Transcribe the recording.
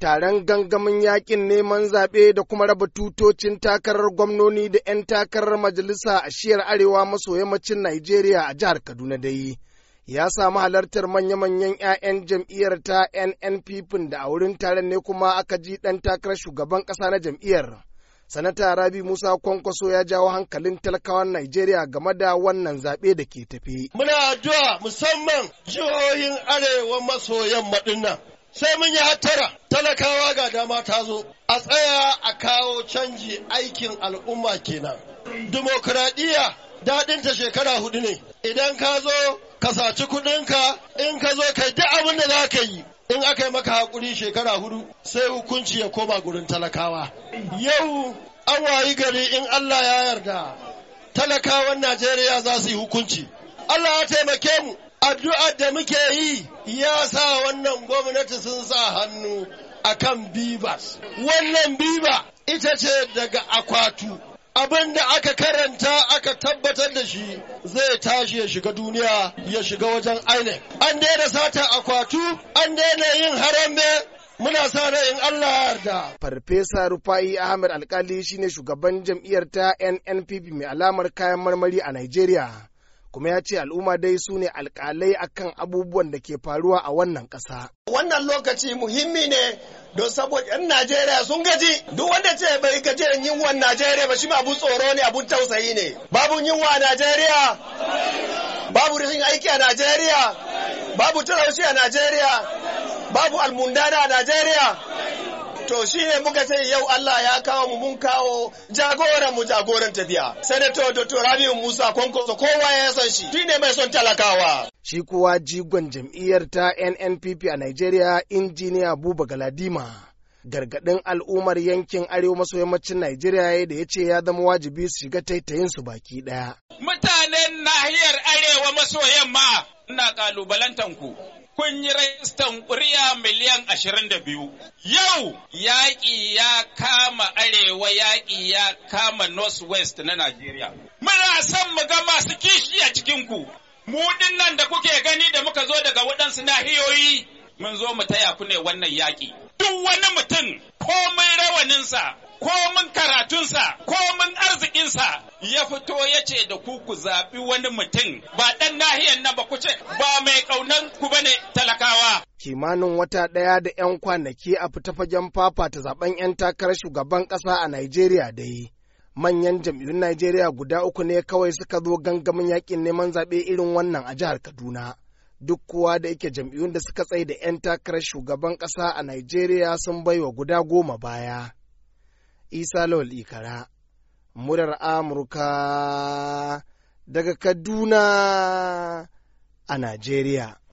taron gangamin yakin neman zaɓe da kuma raba tutocin takarar gwamnoni da 'yan takarar majalisa a shiyar arewa maso yammacin Najeriya a jihar Kaduna dai. Ya samu halartar manya-manyan 'ya'yan jam'iyyar ta NNPP da a wurin taron ne kuma aka ji ɗan takarar shugaban ƙasa na jam'iyyar. Sanata Rabi Musa Kwankwaso ya jawo hankalin talakawan Najeriya game da wannan zaɓe da ke tafi. Muna addu'a musamman jihohin arewa maso yamma dinnan sai mun yi hattara talakawa ga dama ta zo a tsaya a kawo canji aikin al'umma kenan dimokuraɗiyya daɗinta shekara hudu ne idan ka zo ka saci kuɗinka in ka zo kai duk abin da za ka yi in aka yi maka haƙuri shekara hudu sai hukunci ya koma gurin talakawa yau an wayi gari in allah ya yarda talakawan najeriya za su yi hukunci allah ya taimake mu addu'ar da muke yi ya sa wannan gwamnati sun sa hannu a kan bibas wannan biba ita ce daga akwatu abin da aka karanta aka tabbatar da shi zai tashi ya shiga duniya ya shiga wajen inec an daina sata akwatu an daina yin harambe muna sa in Allah yarda. Farfesa Rufai Ahmed Alkali shine shugaban jam'iyyar ta NNPP mai alamar kayan marmari a Najeriya. kuma ya ce al'umma dai su ne alkalai akan abubuwan da ke faruwa a wannan ƙasa. Wannan lokaci muhimmi ne don saboda 'yan Najeriya sun gaji duk wanda ce bai gaji da yunwa Najeriya ba shi ma abun tsoro ne abun tausayi ne. Babu yunwa a Najeriya, babu rikin aiki a Najeriya, babu talauci a Najeriya, babu almundana a Najeriya. To shi ne muka ce yau Allah ya kawo mu mun kawo jagoran mu jagoran tafiya. Sanato Dr. Rabiu Musa Kwankwaso kowa ya san shi. Shi ne mai son talakawa. Shi kuwa jigon jam'iyyar ta NNPP a Najeriya injiniya Buba Galadima. gargadin al'ummar yankin arewa maso yammacin Najeriya da ya ce ya zama wajibi su shiga taitayin su baki ɗaya. Mutanen nahiyar arewa maso yamma ina kalubalantanku. kun yi rajistan ƙuri'a miliyan ashirin da biyu. Yau yaƙi ya kama arewa yaƙi ya kama North West na Najeriya. Muna son mu ga masu kishi a cikinku. Mu nan da kuke gani da muka zo daga waɗansu nahiyoyi mun zo mu taya ku ne wannan yaƙi. Duk wani mutum komai rawaninsa ko mun karatunsa ko mun arzikinsa ya fito ya ce da ku ku zaɓi wani mutum ba ɗan nahiyar na ba ku ce ba mai ƙaunar ku ba ne talakawa. Kimanin wata ɗaya da 'yan kwanaki a fita fagen fafa ta zaben 'yan takarar shugaban ƙasa a Najeriya da yi. Manyan jam'iyyun Najeriya guda uku ne kawai suka zo gangamin yakin neman zaɓe irin wannan a jihar Kaduna. Duk kuwa da yake jam'iyyun da suka tsaye da 'yan takarar shugaban ƙasa a Najeriya sun baiwa guda goma baya. isa Lol ikara murar amurka daga kaduna a najeriya